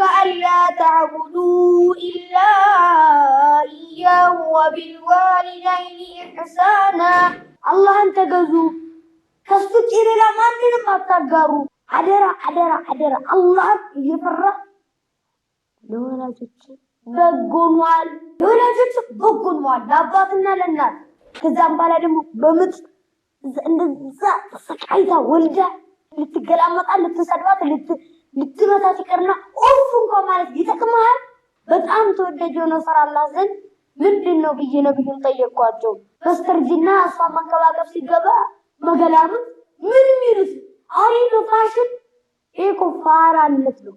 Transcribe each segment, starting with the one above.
ربك ألا تعبدوا إلا إياه وبالوالدين إحسانا አላህን ተገዙ። ከሱ ውጭ ሌላ ማንንም አታጋሩ። አደራ አደራ አደራ አላህን እየፈራ ለወላጆች በጎኗል። ለወላጆች በጎኗል፣ ለአባትና ለእናት ከዛም በኋላ ደግሞ በምጥ እንደዛ ተሰቃይታ ወልዳ ልትገላመጣ ልትሰድባት ልት ልትመታ ሲቀርና ኦፍ እንኳ ማለት ይጠቅመሃል። በጣም ተወዳጅ የሆነ ስራ አላህ ዘንድ ምንድን ነው ብዬ ነብዩን ጠየቅኳቸው። በስተርጅና እሷን መንከባከብ ሲገባ መገላምን ምን የሚሉት አሪፍ ፋሽን ይህ ፋራነት ነው።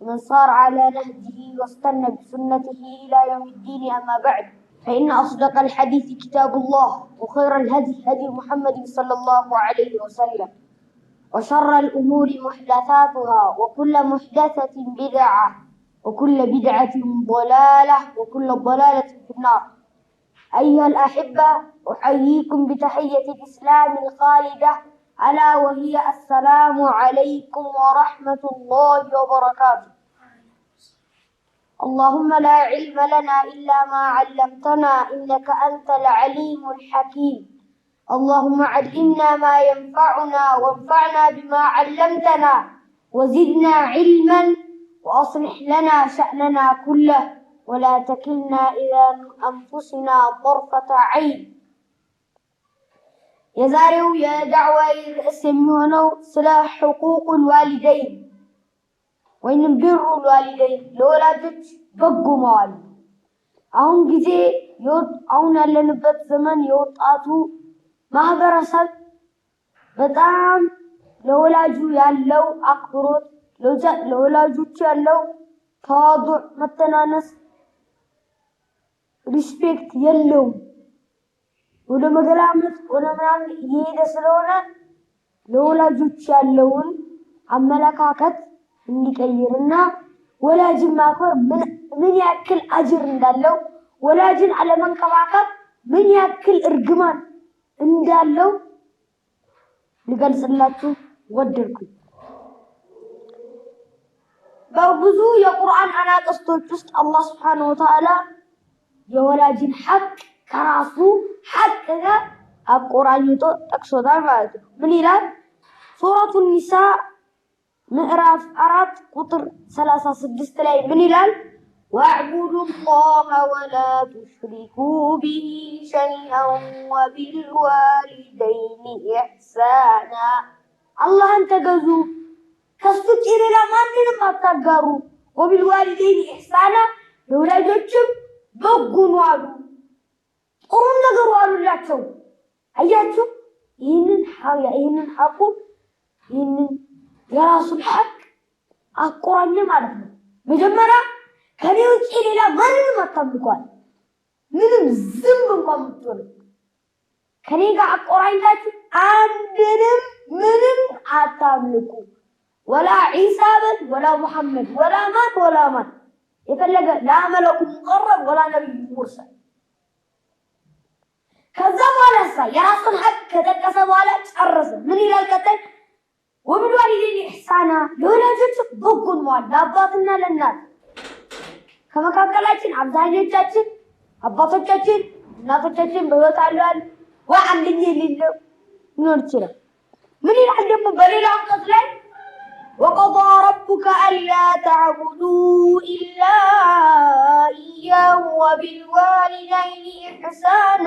ومن صار على نهجه واستنى بسنته إلى يوم الدين أما بعد فإن أصدق الحديث كتاب الله وخير الهدي هدي محمد صلى الله عليه وسلم وشر الأمور محدثاتها وكل محدثة بدعة وكل بدعة ضلالة وكل ضلالة في النار أيها الأحبة أحييكم بتحية الإسلام الخالدة ألا وهي السلام عليكم ورحمة الله وبركاته اللهم لا علم لنا إلا ما علمتنا إنك أنت العليم الحكيم اللهم علمنا ما ينفعنا وانفعنا بما علمتنا وزدنا علما وأصلح لنا شأننا كله ولا تكلنا إلى أنفسنا طرفة عين የዛሬው የዳዕዋ ርዕስ የሚሆነው ስለ ሕቁቁል ዋሊደይን ወይንም ብሩል ዋሊደይን ለወላጆች በጎ መዋል። አሁን ጊዜ አሁን ያለንበት ዘመን የወጣቱ ማህበረሰብ በጣም ለወላጁ ያለው አክብሮት፣ ለወላጆች ያለው ተዋዱዕ፣ መተናነስ፣ ሪስፔክት የለውም። ወደ መገላመጥ ወደ ምናምን እየሄደ ስለሆነ ለወላጆች ያለውን አመለካከት እንዲቀይርና ወላጅን ማክበር ምን ያክል አጅር እንዳለው ወላጅን አለመንከባከብ ምን ያክል እርግማን እንዳለው ልገልጽላችሁ ወደድኩኝ። በብዙ የቁርአን አናቅስቶች ውስጥ አላህ ስብሐነሁ ወተዓላ የወላጅን ሐቅ ከራሱ ሐቅ ጋር አቆራኝቶ ጠቅሶታል ማለት ነው። ምን ይላል? ሱረቱ ኒሳ ምዕራፍ አራት ቁጥር ሰላሳ ስድስት ላይ ምን ይላል? ወዕቡዱ ላሀ ወላ ቱሽሪኩ ቢሂ ሸይአን ወቢልዋሊደይኒ ኢሕሳና አላህን ተገዙ፣ ከሱ ውጭ ሌላ ማንንም አታጋሩ። ወቢልዋሊደይኒ ኢሕሳና ለወላጆችም በጎ አሉ። ጥሩን ነገሩ አሉላቸው። አያችሁ፣ ይህንን ይህንን ሐቁን ይህንን የራሱን ሀቅ አቆራኘ ማለት ነው። መጀመሪያ ከኔ ውጭ ሌላ ማንንም አታምልኳል። ምንም ዝም እንኳን ምትሆነ ከኔ ጋር አቆራኝታችሁ አንድንም ምንም አታምልኩ። ወላ ዒሳበን ወላ ሙሐመድ ወላ ማን ወላ ማን የፈለገ ላመለኩ መለኩ ወላ ነቢይ ሙርሰል ከዛ በኋላ ሳ የራሱን ሀቅ ከጠቀሰ በኋላ ጨረሰ። ምን ይላል ቀጣይ? ወብልዋሊዲን ኢሕሳና ለወላጆች በጎን መዋል ለአባትና ለእናት። ከመካከላችን አብዛኞቻችን አባቶቻችን እናቶቻችን በሕይወት አለዋል ወይ አንደኛ የሌለ ሊኖር ይችላል። ምን ይላል ደግሞ በሌላ አንቀጽ ላይ ወቀዳ ረቡከ አላ ተዕቡዱ ኢላ ኢያሁ ወቢልዋሊደይን ኢሕሳና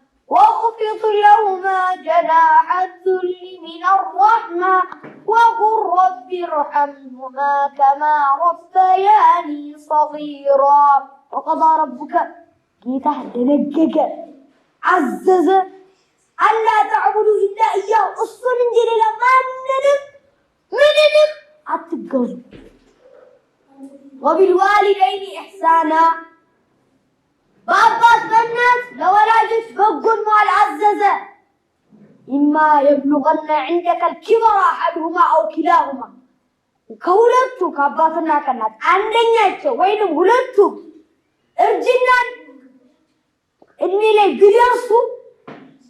واخفض لهما جناح الذل من الرحمة وقل رب ارحمهما كما ربياني صغيرا وقضى ربك جيته دنجك عزز ألا تعبدوا إلا إياه أصلا جليل ما ندم مننم أتقزوا وبالوالدين إحسانا بأباس بالناس لولادك بقول ما العززة إما يبلغن عندك الكبر أحدهما أو كلاهما كولدتك أباس الناس الناس عندنا إيش وين ولدتك إرجينا إني لي بيرسو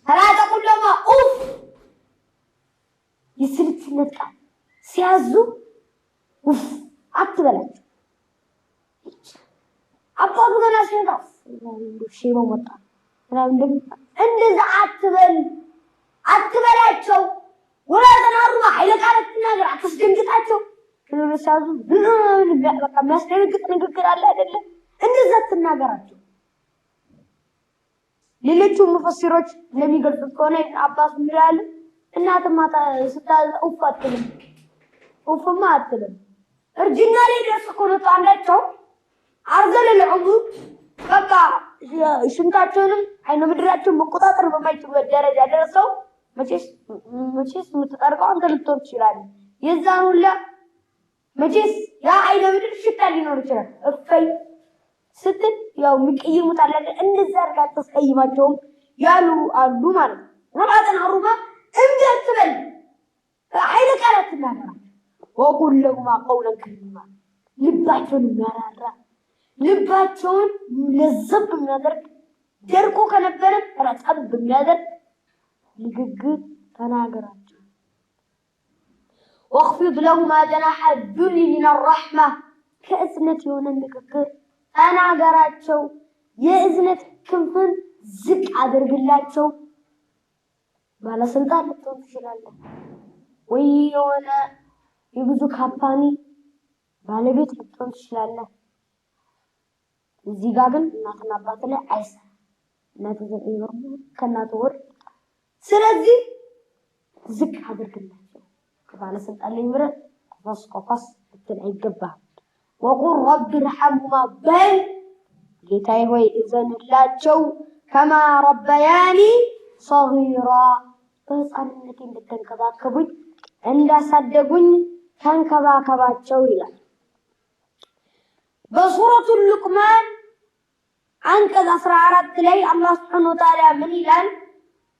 ثلاثة كلما أوف يسرت سنتك سيازو أوف أتبلت أباس الناس الناس ሼማው መጣ ምናምን። እንደዛ አትበል አትበላቸው፣ ወላ ተናሩ ኃይለ ቃላት ትናገር፣ አትስደንግጣቸው። ከለሳዙ በቃ የሚያስደነግጥ ንግግር አለ አይደለ? እንደዛ ትናገራቸው። ሌሎቹ ሙፈሲሮች እንደሚገልጹት ከሆነ አባስ ይላል እናትማ ስታዘ ኡፍ አትልም፣ ኡፍማ አትልም። እርጅና ላይ ደርስ እኮ ነው አርዘለ ለዑዱ በቃ ሽንታቸውንም አይነ ምድራቸውን መቆጣጠር በማይችሉበት ደረጃ ደረሰው። መቼስ መቼስ የምትጠርቀው አንተ ልትሆን ትችላለህ። የዛን ሁላ መቼስ ያ አይነ ምድር ሽታ ሊኖር ይችላል። እፈይ ስትል ያው የሚቀይሙት አላለ። እንደዛ አድርጋ ተስቀይማቸውም ያሉ አሉ ማለት ነው። ወላአጠን አሩማ እንዲ አትበል፣ ኃይለ ቃላት እናገራቸው። ወቁል ለሁማ ቀውለን ከሪማ ልባቸውን የሚያራራ ልባቸውን ለዘብ የሚያደርግ ደርቆ ከነበረ ረጠብ የሚያደርግ ንግግር ተናገራቸው። ወክፊድ ለሁማ ጀናሐ ዱሊ ሚን ረሕማ ከእዝነት የሆነ ንግግር ተናገራቸው። የእዝነት ክንፍን ዝቅ አድርግላቸው። ባለስልጣን ልትሆን ትችላለህ ወይ የሆነ የብዙ ካምፓኒ ባለቤት ልትሆን ትችላለህ። እዚህ ጋር ግን እናትና አባት ላይ አይሰራም። እናት ዘጠኝ ወር ሙሉ ወር ስለዚህ ዝቅ አድርግላቸው። ከባለስልጣን ላይ ምረ ቆፋስ ቆፋስ ልትል አይገባህም። ወቁል ረቢ ርሐሙማ በል ጌታዬ ሆይ እዘንላቸው። ከማ ረበያኒ ሰጊራ በህፃንነቴ እንድተንከባከቡኝ እንዳሳደጉኝ ተንከባከባቸው ይላል። بصورة اللقمان عن كذا أسرع عرب لي الله سبحانه وتعالى من الآن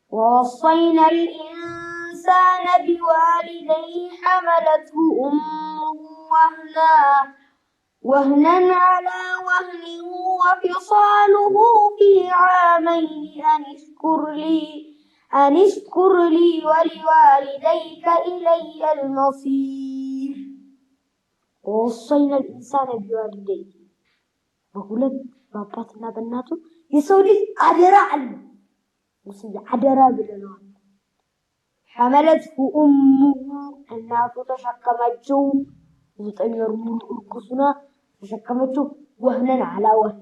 ووصينا الإنسان بوالدي حملته أمه وهنا وهنا على وهن وفصاله في عامين أن اشكر لي أن اشكر لي ولوالديك إلي المصير በወሳኝ ኢንሳን ቢወልደኝ በሁለት በአባትና በእናቱ የሰው ልጅ አደራ አለ ሙስያ አደራ ብለነዋል። ሐመለት ኡሙ እናቱ ተሸከመችው፣ ዘጠኝ ወር ሙሉ እርጉዝና ተሸከመችው። ወህነን አላ ወህን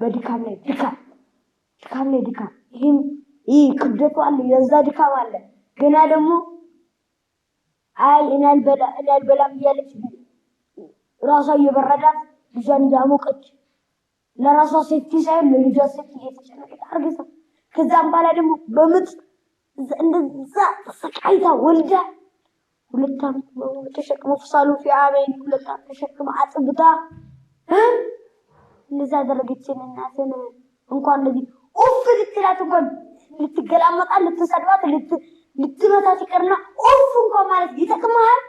በድካም ላይ ድካም ድካም ላይ ድካም። ይህም ይህ ክብደቱ አለ የዛ ድካም አለ። ገና ደግሞ አይ እያለች ራሷ እየበረዳት ልጇን እያሞቀች ለራሷ ሴፍቲ ሳይሆን ለልጇ ሴፍቲ እየተጨነቀች አርግዛ ከዛም በኋላ ደግሞ በምጥ እንደዛ ተሰቃይታ ወልዳ ሁለት ዓመት በሙሉ ተሸክሞ ፍሳሉ ፊአሜን ሁለት ዓመት ተሸክመ አጥብታ እንደዛ ያደረገችን እናትን እንኳን እንደዚህ ኡፍ ልትላት እንኳን ልትገላመጣ ልትሰድባት ልትመታት ይቀርና ኡፍ እንኳን ማለት ይጠቅመሃል።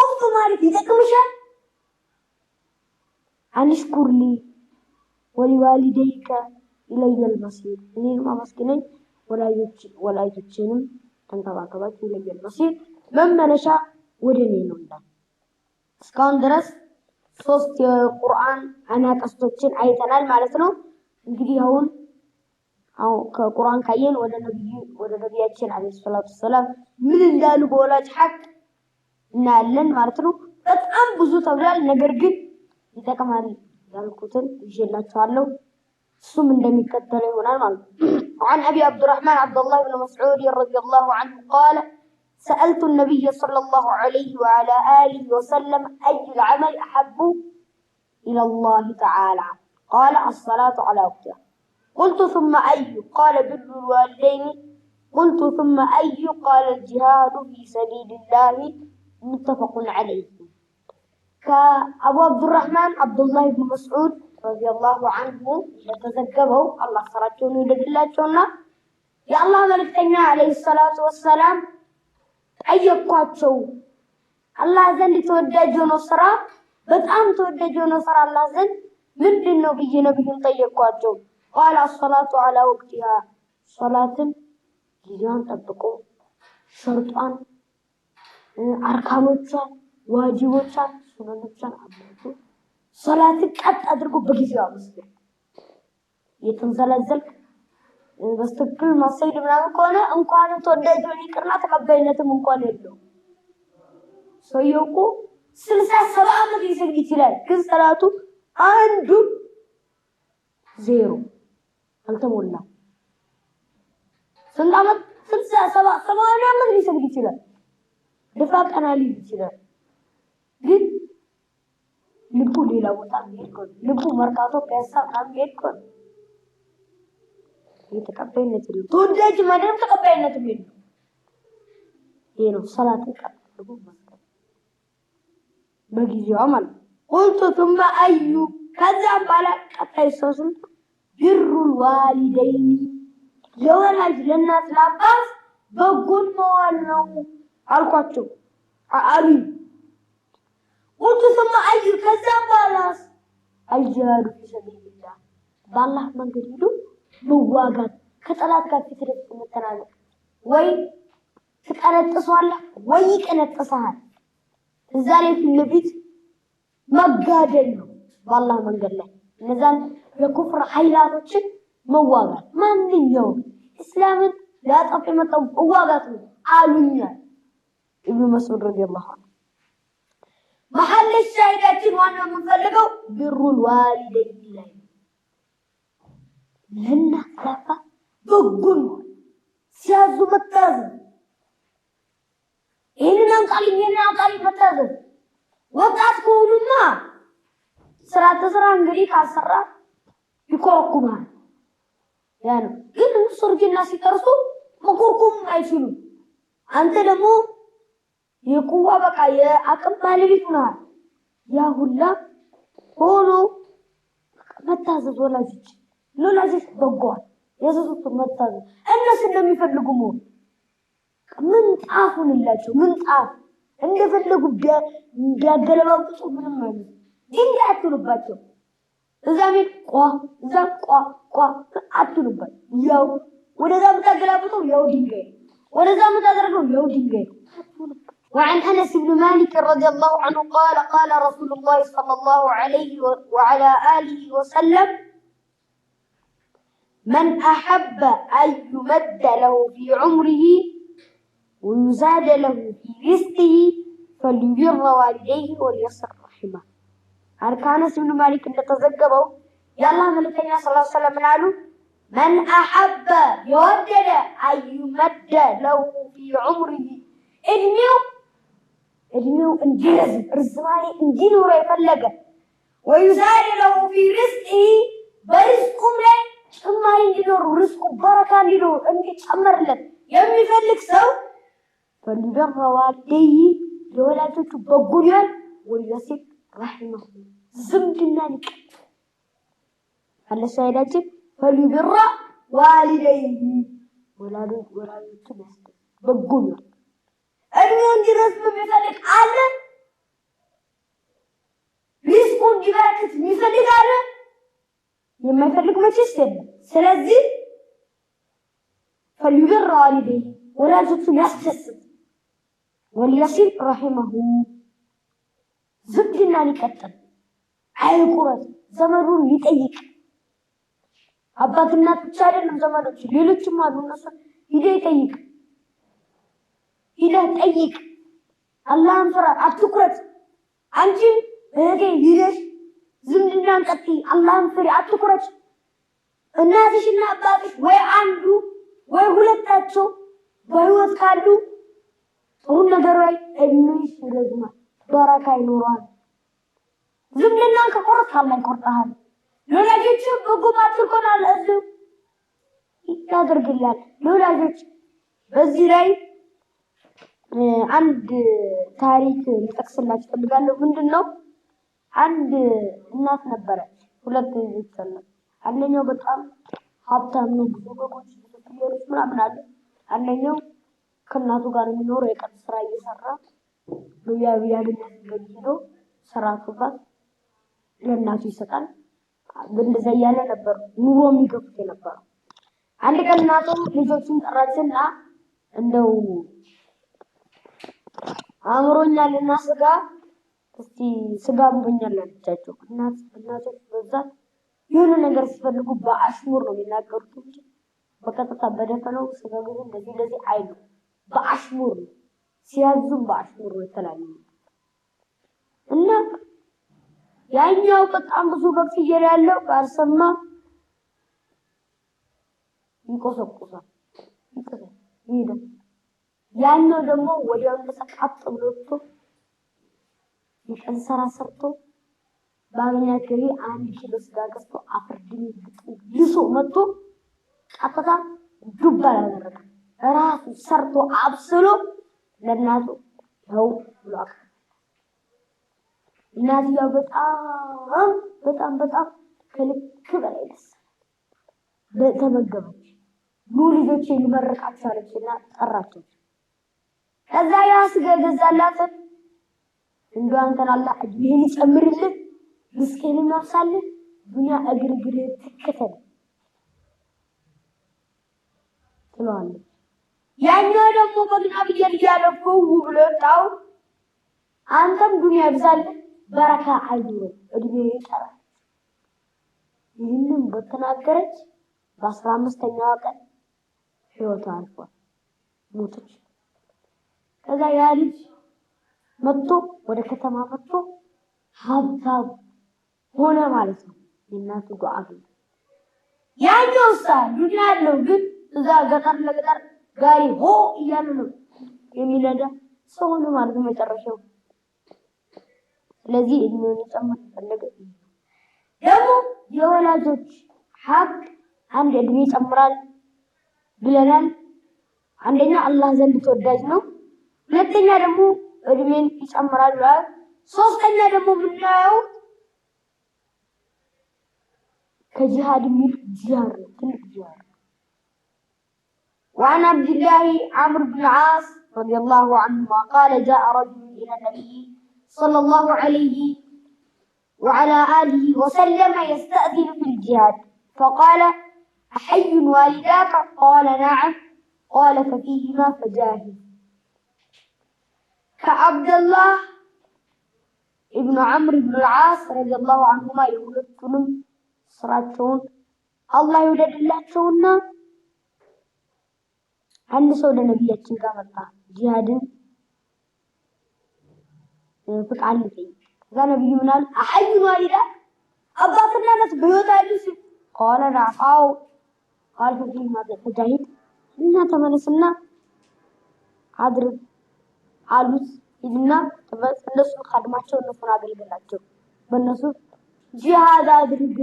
ኦፍ ማለት ይጠቅምሻል። አንሽኩር ሊ ወሊዋሊደይከ ኢለየል መሲር እኔንም አመስግነኝ ወላጆችንም ተንከባከባቸው። ኢለየል መሲር መመለሻ ወደ እኔ ነው ይላል። እስካሁን ድረስ ሶስት የቁርአን አናቀስቶችን አይተናል ማለት ነው። እንግዲህ አሁን ከቁርአን ካየን ወደ ነቢያችን ዓለይሂ ሰላቱ ወሰላም ምን እንዳሉ በወላጅ ሐቅ እናያለን ማለት ነው። በጣም ብዙ ተብሏል። ነገር ግን ይጠቅማል ያልኩትን ይዤላችኋለሁ። እሱም እንደሚከተለው ይሆናል ማለት ነው። عن أبي عبد الرحمن عبد الله بن مسعود رضي الله عنه قال سألت النبي صلى الله عليه وعلى آله وسلم أي العمل أحب إلى الله تعالى قال الصلاة على وقتها قلت ثم أي قال بر الوالدين قلت ثم أي قال الجهاد في سبيل الله متفق عليه ከአቡ አብዱራህማን አብዱላህ ብን መስዑድ ረዲየላሁ አንሁ እንደተዘገበው አላህ ስራቸውን ይውደድላቸውና የአላህ መልእክተኛ አለይሂ ሰላቱ ወሰላም ጠየኳቸው። አላህ ዘንድ ተወዳጅ የሆነው ስራ በጣም ተወዳጅ የሆነው ስራ አላህ ዘንድ ምንድን ነው ብዬ ነብዩን ጠየኳቸው። ቃለ አሰላቱ አላ ወቅቲሃ ሶላትን ጊዜዋን ጠብቆ ሸርጧን አርካኖቿን፣ ዋጅቦቿን፣ ሱነኖቿን አመልኩ። ሶላትን ቀጥ አድርጎ በጊዜው አመስግን። የተንዘላዘልክ በስትክክል ማሰግድ ምናምን ከሆነ እንኳን ተወዳጅ ሆን ይቅርና ተቀባይነትም እንኳን የለው። ሰውየው እኮ ስልሳ ሰባ ዓመት ሊሰግድ ይችላል፣ ግን ሰላቱ አንዱ ዜሮ አልተሞላም። ስንት ዓመት? ስልሳ ሰባ ሰማንያ ዓመት ሊሰግድ ይችላል ደፋ ቀና ሊል ይችላል። ግን ልቡ ሌላ ቦታ የሚሄድ ልቡ መርካቶ ፒያሳ ምናምን የሚሄድ ከሆነ ይህ ተወዳጅ ማድረግ ተቀባይነት የለውም። ይሄ ነው ሰላት ቀጥ አድርጎ በጊዜዋ ማለት ቁልቱ ቱመ አዩ ከዛም በኋላ ቀጣይ ሰው ስንት ብሩል ዋሊደይኒ ለወላጅ ለእናት ለአባት በጎን መዋል ነው። አልኳቸው። አሉኝ ቁልቱ ሰማ አዩ ከዛ በኋላ አልጀሃዱ ፊሰቢልላ በአላህ መንገድ ሄዶ መዋጋት ከጠላት ጋር ፊት ለፊት መተላለቅ ወይ ትቀነጥሷለህ ወይ ይቀነጥሰሃል። እዛ ላይ ፊት ለፊት መጋደል ነው። በአላህ መንገድ ላይ እነዛን የኩፍር ኃይላቶችን መዋጋት ማንኛውም እስላምን ሊያጠፍ የመጣው መዋጋት ነው አሉኛል ኢብኑ መስዑድ ረዲየላሁ ዐንሁ መሐለሽ ሻሂዳችን ዋናው የምንፈልገው ብሩል ዋሊደይን ላይ ለና ካፋ በጎን ሲያዙ መታዘዝ፣ ይህንን አምጣልኝ ይህንን አምጣልኝ ወጣት ከሆኑማ ስራ ተስራ እንግዲህ ካልሰራ ይኮረኩማል። ያ ነው ግን እርጅና ሲጠርሱ መኮርኩም አይችሉም። አንተ ደግሞ የቁዋ በቃ የአቅም ባለቤት ሆነዋል። ያ ሁላ ሆኖ መታዘዝ ወላጆች ለወላጆች በጓዋል የዘዙት መታዘዝ እነሱ እንደሚፈልጉ መሆን ምንጣፍ ሁንላቸው ምንጣፍ እንደፈለጉ ቢያገለባብጡ ምንም ማለት ድንጋይ አትሉባቸው። እዛ ቤት ቋ እዛ ቋ ቋ አትሉባት። ያው ወደዛ ምታገላብጠው ያው ድንጋይ ወደዛ የምታደርገው ያው ድንጋይ وعن أنس بن مالك رضي الله عنه قال قال رسول الله صلى الله عليه وعلى آله وسلم من أحب أن يمد له في عمره ويزاد له في رزقه فليبر والديه وليصل رحمه عارف أنس بن مالك اللي تزقبه يلا ملكنا صلى الله عليه وسلم قالوا من أحب يودد أن يمد له في عمره يوم እድሜው እንዲረዝም ርዝማኔ እንዲኖረው የፈለገ ወዩዛሪ ለሁ ፊ ርስቂ በርዝቁም ላይ ጭማሪ እንዲኖሩ ርዝቁ በረካ እንዲኖሩ እንዲጨመርለት የሚፈልግ ሰው ፈንደረዋደይ የወላጆቹ በጉልበት ወልወሲብ ረሒማ ዝምድና ሊቀ አለሳይዳችን ፈሊብራ ዋሊደይ ወላጆቹ ወላጆቹ ያስደ በጉልበት እድሜው እንዲረዝም የሚፈልግ አለ። ሪስኩ እንዲበረክት የሚፈልግ አለ። የማይፈልግ መቼስ የለም። ስለዚህ ፈልዩብር ዋሊዴ ወላጆቹን ያስደስት ወልያሲል ረሂመሁ ዝምድና ይቀጥል አይቁረጥ፣ ዘመዱን ሊጠይቅ አባትና ብቻ አይደለም ዘመዶች ሌሎችም አሉ። እነሱ ሂደ ይጠይቅ። ሂደህ ጠይቅ። አላህን ፍራ፣ አትኩረት። አንቺም እህቴ ሂደሽ ዝምድናን ቀጥይ፣ አላህን ፍሪ፣ አትኩረች! እናትሽና አባትሽ ወይ አንዱ ወይ ሁለታቸው በህይወት ካሉ ጥሩ ነገር ላይ እድሜሽ ይረዝማል፣ በረካ ይኖረዋል። ዝምድናን ከቆረጥ አላህ ይቆርጠሃል። ለወላጆች በጎባት ትሆናል፣ እዚሁ ያደርግላል። ለወላጆች በዚህ ላይ አንድ ታሪክ ልጠቅስላችሁ እፈልጋለሁ። ምንድን ነው? አንድ እናት ነበረች፣ ሁለት ልጆች አሏት። አንደኛው በጣም ሀብታም ነው፣ ብዙ በጎች፣ ብዙ ፍየሎች ምናምን አለ። አንደኛው ከእናቱ ጋር የሚኖረው የቀን ስራ እየሰራ ያገኛት ገቢ ስራ ሱባት ለእናቱ ይሰጣል። እንደዛ እያለ ነበር ኑሮ የሚገፉት የነበረው። አንድ ቀን እናቱ ልጆቹን ጠራችና እንደው አምሮኛል እና ስጋ እስቲ ስጋ አምሮኛል አለቻቸው። እናት እናቶች በብዛት የሆነ ነገር ሲፈልጉ በአሽሙር ነው የሚናገሩት እንጂ በቀጥታ በደፈነው ስጋ ግቡ እንደዚህ እንደዚህ አይሉ፣ በአሽሙር ነው ሲያዙም፣ በአሽሙር ነው የተለያዩ እና ያኛው በጣም ብዙ በግ ፍየል ያለው ካልሰማ ይቆሰቁሳል ይቆሰ ይሄዳል ያኛው ደግሞ ወዲያው ተሰቃጥ ብሎቶ የቀን ስራ ሰርቶ ባገኛ ገቢ አንድ ኪሎ ስጋ ገዝቶ አፍርድን ልሶ መጥቶ ቀጥታ ዱባ ያደረገ ራሱ ሰርቶ አብስሎ ለእናቱ ነው ብሎ አቀ በጣም በጣም በጣም ከልክ በላይ ደስ ተመገበች። ኑ ልጆቼ ልመርቃችሁ አለችና ጠራቸው። ከዛ ያ ስጋ ገዛላት እንዶ አንተን አላህ እድሜህን ይጨምርልህ፣ ርስቅህን ያብሳልህ፣ ዱንያ እግርግር ትከተል ትለዋለች። ያኛው ደግሞ በግና ብየል እያለፈው ብሎ ወጣው። አንተም ዱንያ ይብዛልህ፣ በረካ አይኑረው፣ እድሜ ይጠራል። ይህንም በተናገረች በአስራ አምስተኛዋ ቀን ህይወቷ አልፏል፣ ሞተች። ከዛ ያ ልጅ መጥቶ ወደ ከተማ መጥቶ ሀብታም ሆነ ማለት ነው። የእናቱ ዱዓ ግን ያኛው ሳ ዱንያ ያለው ግን እዛ ገጠር ለገጠር ጋሪ ሆ እያሉ ነው የሚነዳ ሰው ሆነ ማለት ነው መጨረሻው። ስለዚህ እድሜውን ጨምር ፈለገ ደግሞ የወላጆች ሀቅ አንድ እድሜ ይጨምራል ብለናል። አንደኛ አላህ ዘንድ ተወዳጅ ነው። ሁለተኛ ደግሞ እድሜን ይጨምራል ሶስተኛ ደግሞ የምናየው ከጂሃድ የሚል ጂሃድ ትልቅ ጂሃድ وعن عبد الله عمرو بن العاص رضي الله عنهما قال جاء رجل إلى النبي صلى الله عليه وعلى آله وسلم يستأذن في الجهاد فقال أحي والداك قال نعم قال ففيهما فجاهد ከአብደላህ ኢብኑ ዐምር ኢብኑ ልዓስ ረዲየላሁ አንሁማ የሁለቱንም ስራቸውን አላህ ይውደድላቸውና አንድ ሰው ለነቢያችን ጋር መጣ። ጂሃድን ፍቃድ ሊጠይቅ ከዛ ነቢዩ ምን አሉ? አሐዩ አባትና እናት በሕይወት አሉ ሲል ከኋላ ናፋው ማዘ ተጃሂድ እና ተመለስና አድርግ አሉት ሂድና እነሱ ካድማቸው እነሱን አገልግላቸው በእነሱ ጂሃድ አድርግ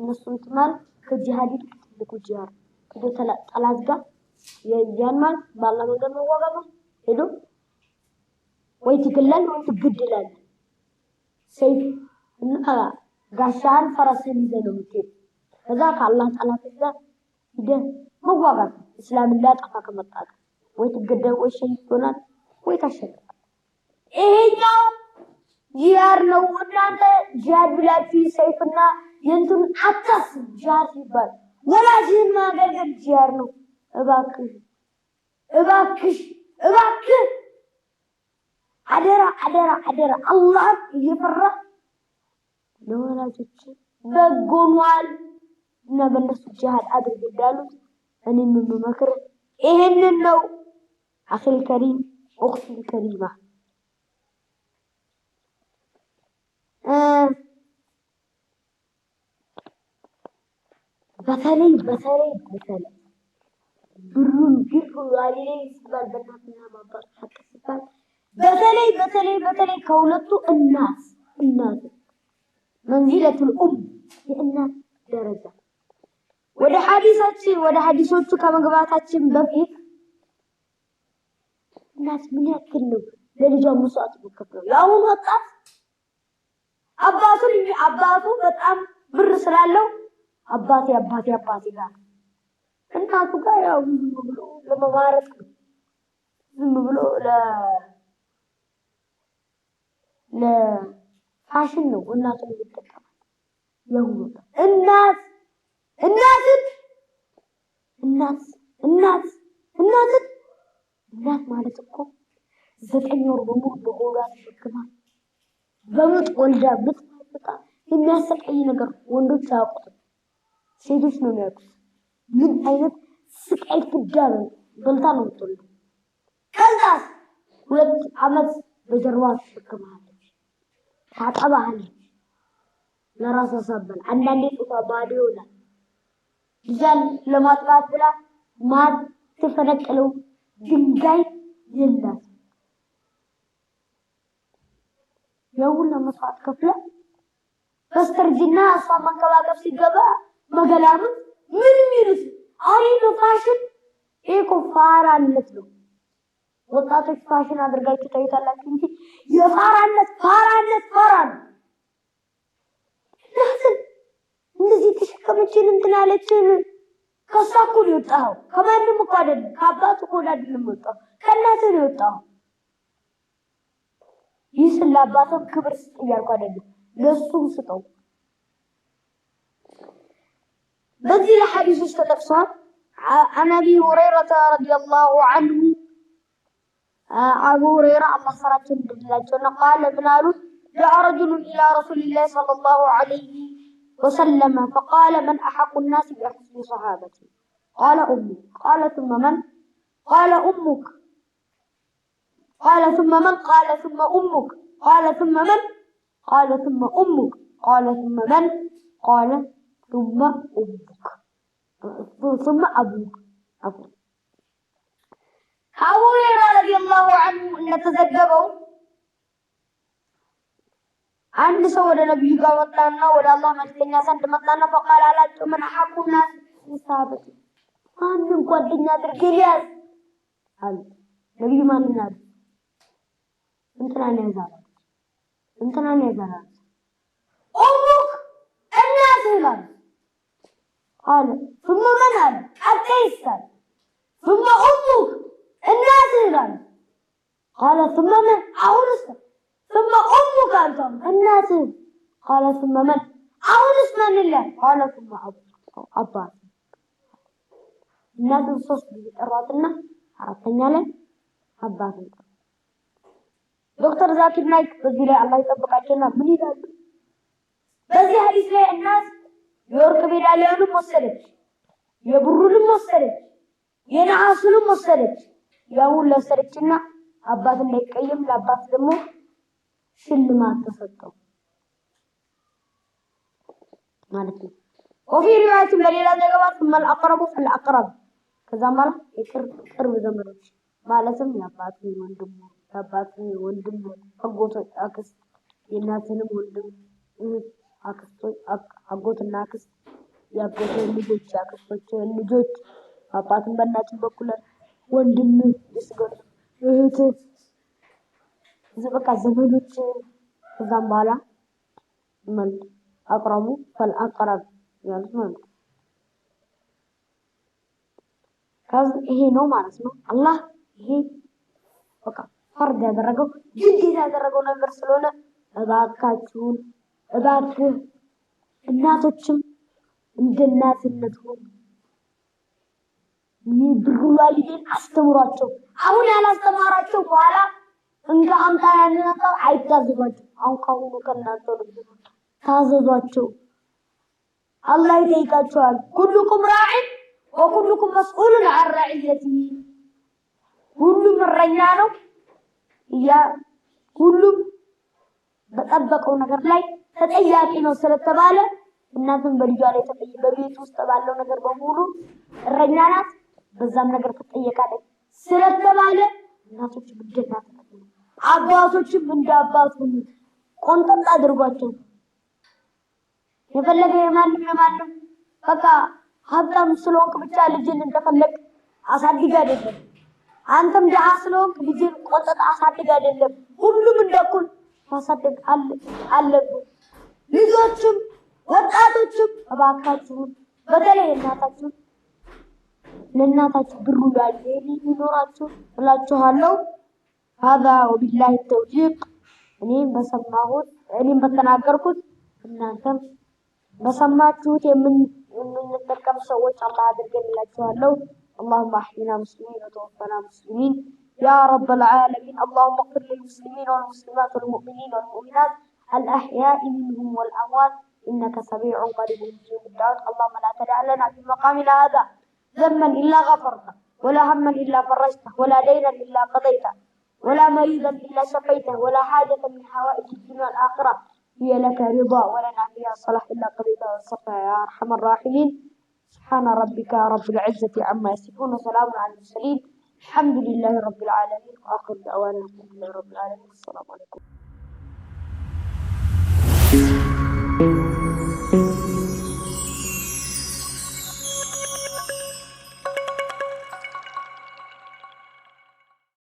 እነሱን ትማል ከጂሃድ ይልቅ ትልቁ ጂሃድ ሄዶ ጠላት ጋር የእያን ማል ባላ መንገድ መዋጋማ ሄዶ ወይ ትግላል ወይ ትግድላል ሰይፍ እና ጋሻህን ፈረስህን ይዘህ ነው የምትሄድ ከዛ ከአላህ ጠላት ጋር ሂደ መዋጋት እስላምን ሊያጠፋ ከመጣ ወይ ትገደል ወይ ሸሂድ ትሆናል ወይ ታሸገ። ይሄኛው ጂአር ነው። እናንተ ጂሃድ ብላችሁ ሰይፍና የንቱን አታስ ጂሃድ ሲባል ወላጅህን ማገልገል ጂአር ነው። እባክሽ እባክሽ እባክህ አደራ አደራ አደራ አላህን እየፈራ ለወላጆች በጎኗል እና በእነሱ ጂሃድ አድርግ እንዳሉት እኔም የምመክር ይሄንን ነው አክል ከሪም أختي الكريمة مثالي آه. مثالي مثالي برون برون عليني سبال بناتنا ما برحك سبال كولدت الناس الناس منزلة الأم لأن درجة حديثات ولحديثاتي ولحديثاتي كما قبعتاتي بفيت እናት ምን ያክል ነው ለልጇ መስዋዕት የምትከፍለው? የአሁኑ ወጣት አባቱ አባቱ በጣም ብር ስላለው አባቴ አባቴ አባቴ ጋር እናቱ ጋር ያው ዝም ብሎ ለመማረጥ ዝም ብሎ ለ ለፋሽን ነው እናቱን የምትጠቀመው። ወጣት እናት እናት እናት እናት እናት እናት ማለት እኮ ዘጠኝ ወር በሙሉ በሆዷ ተሸክማ በምጥ ወልዳ ምጥ ማይበጣ የሚያሰቃይ ነገር ወንዶች አያውቁትም፣ ሴቶች ነው የሚያውቁት። ምን አይነት ስቃይ ፍዳ ነው በልታ ነው ምትወልዱ። ከዛ ሁለት ዓመት በጀርባ ተሸክመሃለች፣ ታጠባሃለች፣ ለራሷ ሳበል አንዳንዴ ጡቷ ባዶ ይሆናል። ልጃን ለማጥባት ብላ ማት ትፈነቅለው ድንጋይ የለም። የሁሉ መስዋዕት ከፍለ በስተርጅና እሷ መንከባከብ ሲገባ መገላምን ምንም ይርስ አሪፍ ፋሽን ኤኮ ፋራነት ነው። ወጣቶች ፋሽን አድርጋችሁ ታይታላችሁ እንጂ የፋራነት ፋራነት ፋራ ነው። እንደዚህ ተሸከመችን እንትን አለችን ከእሷ እኮ ነው የወጣኸው። ከማንም እኮ አይደለም፣ ከአባቱ እኮ አይደለም የወጣኸው፣ ከእናትህ ነው የወጣኸው። ይህ ስለ አባትህ ክብር ስጥ እያልኩ አይደለም፣ ለእሱም ስጠው። በዚህ ለሐዲስ ውስጥ ተጠቅሷል። አን አቢ ሁረይረተ ረዲየላሁ አንሁ አቡ ሁረይራ አላህ ሰራቸው እንድድላቸውና ቃለ ምን አሉት ጃአ ረጁሉን ኢላ ረሱሊላህ ሰለላሁ ዐለይሂ وسلم فقال من أحق الناس بحسن صحابتي قال أمي قال ثم من قال أمك قال ثم من قال ثم أمك قال ثم من قال ثم أمك قال ثم من قال ثم أمك ثم أبوك أبوك هؤلاء رضي الله عنه أن تذبذبوا አንድ ሰው ወደ ነቢዩ ጋር መጣና ወደ አላህ መልክተኛ ዘንድ መጣና ፈቃል አላቸው ምን ሐቁና ሳበት ማንን ጓደኛ አድርጌ ሊያዝ አሉ። ነቢዩ ማንን አሉ? እንትናን ያዛል እንትናን ያዛል ኡሙክ እናትህ ይላሉ አለ ثم من አለ አጤ ይስታል ثم ኡሙክ እናትህ ይላሉ አለ ثم من አሁን ይስታል ثم أمك أرضعك እናትህ ቃለ ثم መን አሁንስ ማን ይላል? ቃለ ثم አባት እናትን ሶስት ጊዜ ጠሯትና አራተኛ ላይ አባትን ጠሯት። ዶክተር ዛኪር ናይክ በዚህ ላይ አላህ ይጠብቃቸውና ምን ይላሉ? በዚህ ሀዲስ ላይ እናት የወርቅ ሜዳሊያውንም ወሰደች፣ የብሩንም ወሰደች፣ የነሐሱንም ወሰደች። ያውን ለወሰደችና አባት እንዳይቀየም ለአባት ደግሞ ሽልማት ተሰጠው ማለት ነው። ወፊ ሪዋያትን በሌላ ዘገባ ስመል አቅረቡ አልአቅረብ ከዛ ማለት የቅርብ ዘመዶች ማለትም የአባቱ ወንድሙ የአባቱ ወንድሙ አጎቶች፣ አክስት የእናትንም ወንድም አክስቶች፣ አጎትና አክስት የአጎቶ ልጆች፣ የአክስቶች ልጆች አባትን በእናትን በኩል ወንድም ይስገዱ እህት በቃ ዘመዶች ከዛም በኋላ ማለት አቅረቡ ፈልአቅረብ ያሉት ማለት ነው። ከዚህ ይሄ ነው ማለት ነው። አላህ ይሄ በቃ ፈርድ ያደረገው ግዴታ ያደረገው ነገር ስለሆነ እባካችሁን እባክህ እናቶችም እንደ እናትነት ሆኑ። ይህ ብሩላሊዴን አስተምሯቸው። አሁን ያላስተማራቸው በኋላ እንደ አንተ ያለ ነገር አይታዘዟቸው። አሁን ከአሁኑ ከእናንተ ልብ ታዘዟቸው። አላህ ይጠይቃቸዋል። ኩሉኩም ራዕን ወኩሉኩም መስኡሉን አን ረዕየትህ ሁሉም እረኛ ነው እያ ሁሉም በጠበቀው ነገር ላይ ተጠያቂ ነው ስለተባለ እናንተም በልጇ ላይ ተጠይ በቤት ውስጥ ባለው ነገር በሙሉ እረኛ ናት፣ በዛም ነገር ትጠየቃለች ስለተባለ እናቶች ግዴታ አባቶችም እንደ አባት ሁሉ ቆንጠጥ አድርጓቸው። የፈለገ የማንም የማንም በቃ ሀብታም ስለሆንክ ብቻ ልጅን እንደፈለግ አሳድግ አይደለም። አንተም ድሃ ስለሆንክ ልጅን ቆንጠጥ አሳድግ አይደለም። ሁሉም እንደኩል ማሳደግ አለብን። ልጆችም ወጣቶችም እባካችሁን በተለይ እናታችሁ ለእናታችሁ ብሩ ላይ ይኖራችሁ እላችኋለሁ። هذا وبالله التوفيق እኔም በሰማሁት እኔም በተናገርኩት እናንተም በሰማችሁት የምንጠቀም ሰዎች አላህ አድርገን እላችኋለሁ። اللهم احينا مسلمين وتوفنا مسلمين يا رب العالمين اللهم اغفر للمسلمين والمسلمات والمؤمنين والمؤمنات الأحياء منهم والأموات إنك سميع قريب مجيب الدعوات اللهم لا تدع لنا في مقامنا هذا ذنبا إلا غفرته ولا هما إلا فرجته ولا دينا إلا قضيته ولا مريضا إلا شفيته ولا حاجة من حوائج الدنيا والآخرة هي لك رضا ولنا فيها صلاح إلا قضيتها وانصفها يا أرحم الراحمين سبحان ربك رب العزة عما يصفون وسلام على المرسلين الحمد لله رب العالمين وآخر دعوانا الحمد لله رب العالمين السلام عليكم